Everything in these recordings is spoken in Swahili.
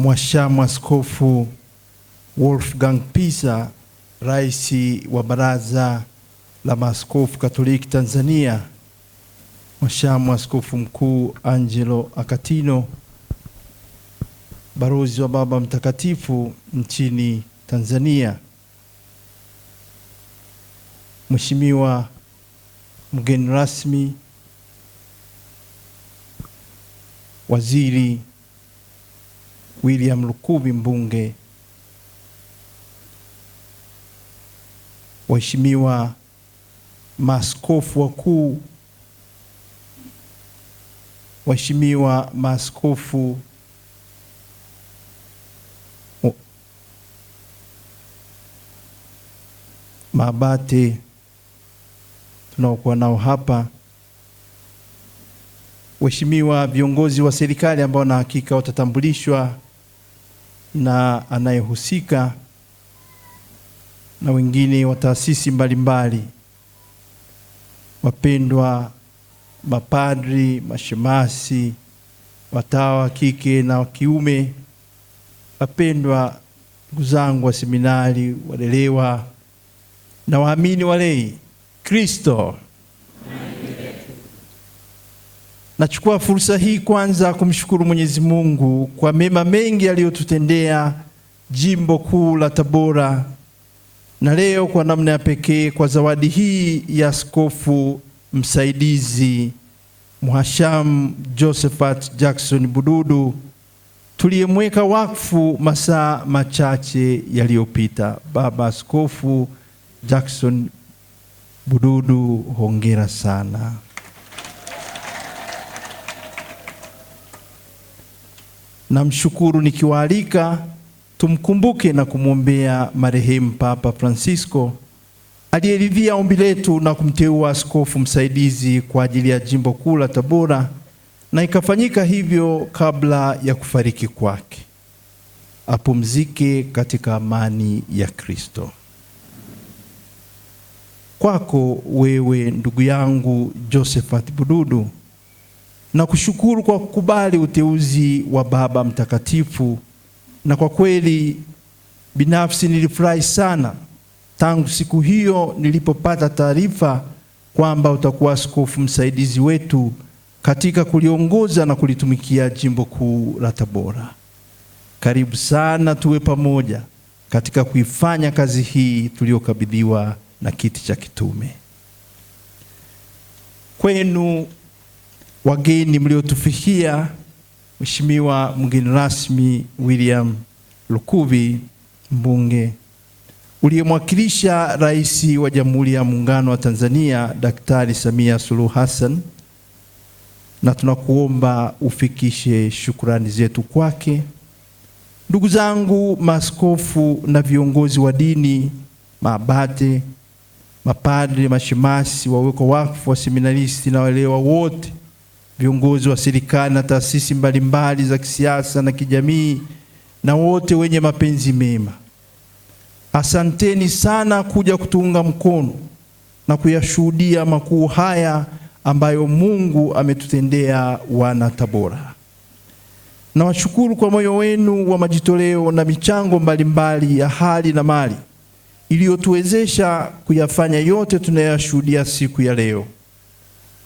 Mwashamu Askofu Wolfgang Pisa, rais wa Baraza la Maaskofu Katoliki Tanzania, Mwashamu Askofu Mkuu Angelo Akatino, balozi wa Baba Mtakatifu nchini Tanzania, Mheshimiwa mgeni rasmi, Waziri William Lukuvi mbunge, waheshimiwa maaskofu wakuu, waheshimiwa maaskofu mabate tunaokuwa nao hapa, waheshimiwa viongozi wa serikali ambao na hakika watatambulishwa na anayehusika na wengine wa taasisi mbalimbali, wapendwa mapadri, mashemasi, watawa wa kike na wa kiume, wapendwa ndugu zangu wa seminari, walelewa na waamini walei, Kristo Nachukua fursa hii kwanza kumshukuru Mwenyezi Mungu kwa mema mengi aliyotutendea jimbo kuu la Tabora, na leo kwa namna ya pekee kwa zawadi hii ya askofu msaidizi Mhashamu Josephat Jackson Bududu tuliyemweka wakfu masaa machache yaliyopita. Baba Askofu Jackson Bududu, hongera sana. Namshukuru nikiwaalika tumkumbuke na kumwombea marehemu Papa Francisco aliyeridhia ombi letu na kumteua askofu msaidizi kwa ajili ya jimbo kuu la Tabora, na ikafanyika hivyo kabla ya kufariki kwake. Apumzike katika amani ya Kristo. Kwako wewe ndugu yangu Josephat Bududu na kushukuru kwa kukubali uteuzi wa Baba Mtakatifu, na kwa kweli binafsi nilifurahi sana tangu siku hiyo nilipopata taarifa kwamba utakuwa askofu msaidizi wetu katika kuliongoza na kulitumikia jimbo kuu la Tabora. Karibu sana tuwe pamoja katika kuifanya kazi hii tuliyokabidhiwa na kiti cha kitume kwenu wageni mliotufikia, Mheshimiwa mgeni rasmi William Lukuvi, mbunge uliyemwakilisha Rais wa Jamhuri ya Muungano wa Tanzania Daktari Samia Suluhu Hassan, na tunakuomba ufikishe shukurani zetu kwake. Ndugu zangu maaskofu na viongozi wa dini, maabate, mapadri mashemasi, wawekwa wakfu, waseminaristi na walewa wote viongozi wa serikali na taasisi mbalimbali za kisiasa na kijamii na wote wenye mapenzi mema. Asanteni sana kuja kutuunga mkono na kuyashuhudia makuu haya ambayo Mungu ametutendea wana Tabora. Nawashukuru kwa moyo wenu wa majitoleo na michango mbalimbali ya hali na mali iliyotuwezesha kuyafanya yote tunayashuhudia siku ya leo.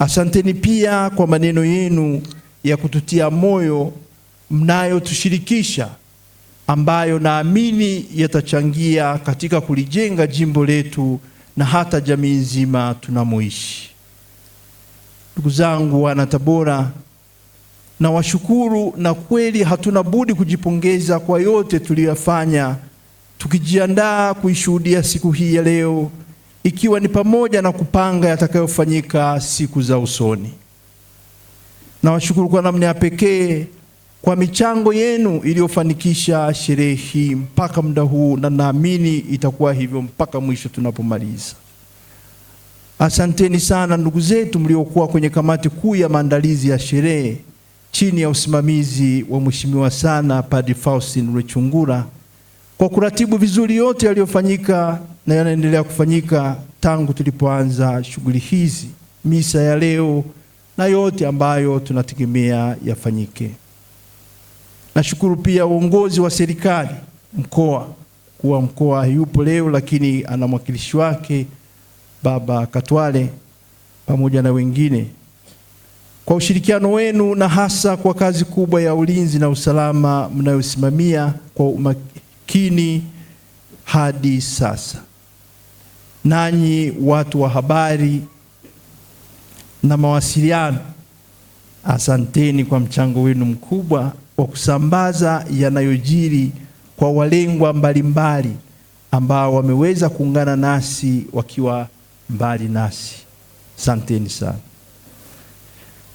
Asanteni pia kwa maneno yenu ya kututia moyo mnayotushirikisha ambayo naamini yatachangia katika kulijenga jimbo letu na hata jamii nzima tunamoishi. Ndugu zangu wana Tabora, na washukuru na kweli hatuna budi kujipongeza kwa yote tuliyofanya tukijiandaa kuishuhudia siku hii ya leo ikiwa ni pamoja na kupanga yatakayofanyika siku za usoni. Nawashukuru kwa namna ya pekee kwa michango yenu iliyofanikisha sherehe hii mpaka muda huu, na naamini itakuwa hivyo mpaka mwisho tunapomaliza. Asanteni sana ndugu zetu mliokuwa kwenye kamati kuu ya maandalizi ya sherehe chini ya usimamizi wa mheshimiwa sana Padre Faustin Rwechungura kwa kuratibu vizuri yote yaliyofanyika na yanaendelea kufanyika tangu tulipoanza shughuli hizi, misa ya leo na yote ambayo tunategemea yafanyike. Nashukuru pia uongozi wa serikali mkoa, kuwa mkoa yupo leo, lakini ana mwakilishi wake Baba Katwale pamoja na wengine kwa ushirikiano wenu na hasa kwa kazi kubwa ya ulinzi na usalama mnayosimamia kwa umakini hadi sasa nanyi watu wa habari na mawasiliano, asanteni kwa mchango wenu mkubwa wa kusambaza yanayojiri kwa walengwa mbalimbali ambao wameweza kuungana nasi wakiwa mbali nasi. Asanteni sana.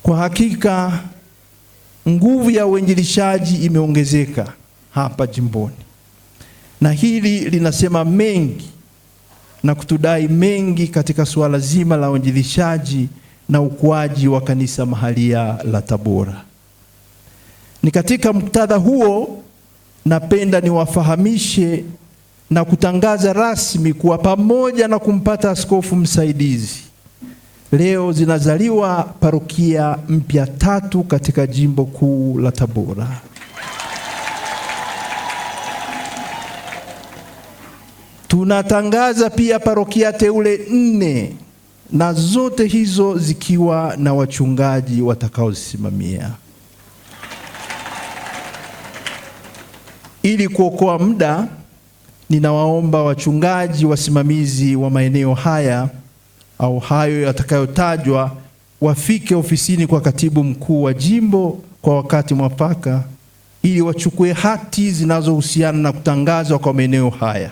Kwa hakika nguvu ya uinjilishaji imeongezeka hapa jimboni, na hili linasema mengi na kutudai mengi katika suala zima la uinjilishaji na ukuaji wa kanisa mahalia la Tabora. Ni katika muktadha huo, napenda niwafahamishe na kutangaza rasmi kuwa pamoja na kumpata askofu msaidizi, leo zinazaliwa parokia mpya tatu katika jimbo kuu la Tabora. Tunatangaza pia parokia teule nne na zote hizo zikiwa na wachungaji watakaosimamia. Ili kuokoa muda, ninawaomba wachungaji wasimamizi wa maeneo haya au hayo yatakayotajwa wafike ofisini kwa katibu mkuu wa jimbo kwa wakati mwafaka ili wachukue hati zinazohusiana na kutangazwa kwa maeneo haya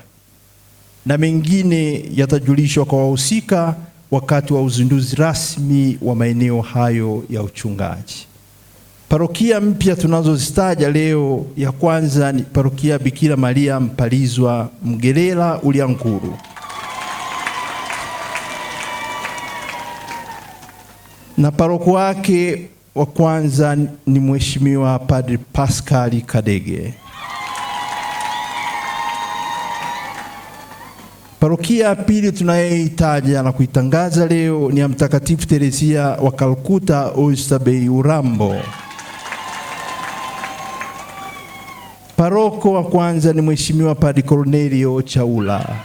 na mengine yatajulishwa kwa wahusika wakati wa uzinduzi rasmi wa maeneo hayo ya uchungaji. Parokia mpya tunazozitaja leo, ya kwanza ni parokia Bikira Maria Mpalizwa Mgerela Uliankuru. Na paroko wake wa kwanza ni Mheshimiwa Padre Pascal Kadege. Parokia ya pili tunayeitaja na kuitangaza leo ni ya Mtakatifu Teresia wa Kalkuta Oysterbay Urambo. Paroko wa kwanza ni Mheshimiwa Padre Cornelio Chaula,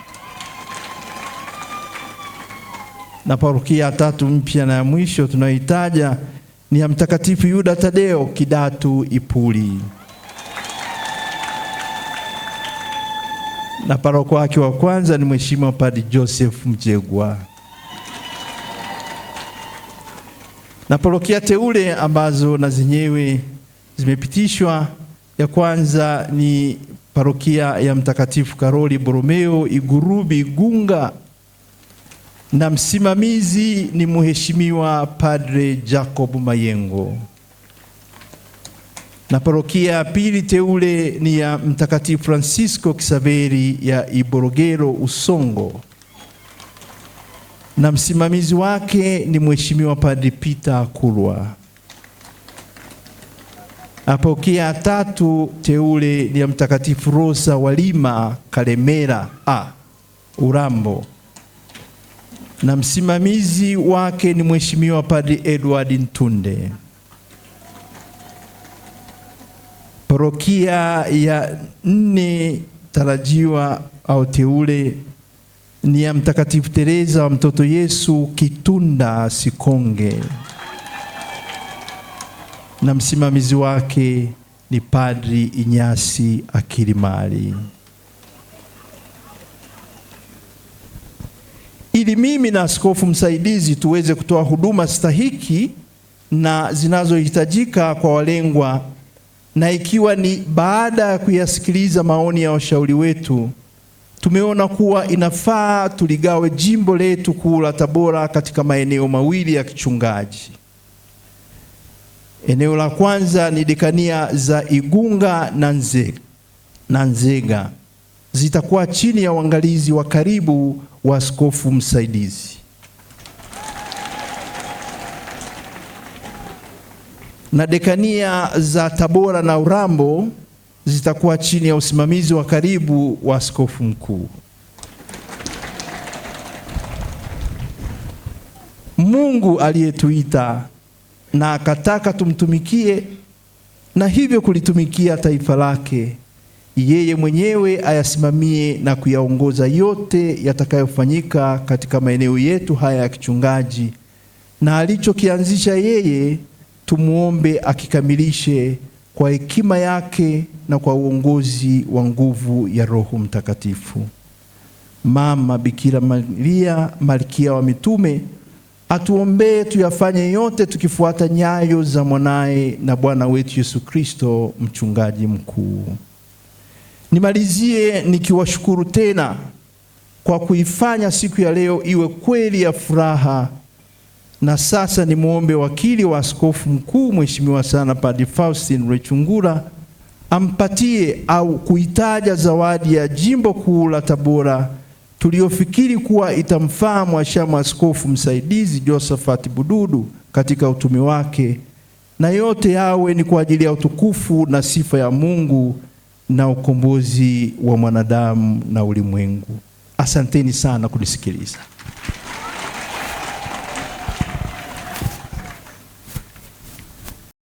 na parokia ya tatu mpya na ya mwisho tunayoitaja ni ya Mtakatifu Yuda Tadeo Kidatu Ipuli. na paroko wake wa kwanza ni Mheshimiwa Padre Joseph Mjegwa, na parokia teule ambazo na zenyewe zimepitishwa. Ya kwanza ni parokia ya Mtakatifu Karoli Boromeo Igurubi Igunga, na msimamizi ni Mheshimiwa Padre Jacob Mayengo na parokia ya pili teule ni ya Mtakatifu Francisco Kisaveri ya Iborogero Usongo, na msimamizi wake ni Mheshimiwa Padre Peter Kulwa. Na parokia ya tatu teule ni ya Mtakatifu Rosa wa Lima Kalemera a Urambo, na msimamizi wake ni Mheshimiwa Padre Edward Ntunde. Parokia ya nne tarajiwa au teule ni ya Mtakatifu Teresa wa Mtoto Yesu Kitunda Sikonge, na msimamizi wake ni Padri Inyasi Akilimali. Ili mimi na askofu msaidizi tuweze kutoa huduma stahiki na zinazohitajika kwa walengwa na ikiwa ni baada ya kuyasikiliza maoni ya washauri wetu, tumeona kuwa inafaa tuligawe jimbo letu kuu la Tabora katika maeneo mawili ya kichungaji. Eneo la kwanza ni dekania za Igunga na Nzega, na Nzega zitakuwa chini ya uangalizi wa karibu wa askofu msaidizi. na dekania za Tabora na Urambo zitakuwa chini ya usimamizi wa karibu wa askofu mkuu. Mungu aliyetuita na akataka tumtumikie na hivyo kulitumikia taifa lake, yeye mwenyewe ayasimamie na kuyaongoza yote yatakayofanyika katika maeneo yetu haya ya kichungaji, na alichokianzisha yeye tumuombe akikamilishe kwa hekima yake na kwa uongozi wa nguvu ya Roho Mtakatifu. Mama Bikira Maria, malkia wa mitume, atuombee tuyafanye yote tukifuata nyayo za mwanaye na Bwana wetu Yesu Kristo, mchungaji mkuu. Nimalizie nikiwashukuru tena kwa kuifanya siku ya leo iwe kweli ya furaha na sasa ni muombe wakili wa askofu mkuu mheshimiwa sana Padre Faustin Rwechungura ampatie au kuitaja zawadi ya jimbo kuu la Tabora tuliyofikiri kuwa itamfaa mwashamu askofu msaidizi Josephat Bududu katika utumi wake, na yote yawe ni kwa ajili ya utukufu na sifa ya Mungu na ukombozi wa mwanadamu na ulimwengu. Asanteni sana kunisikiliza.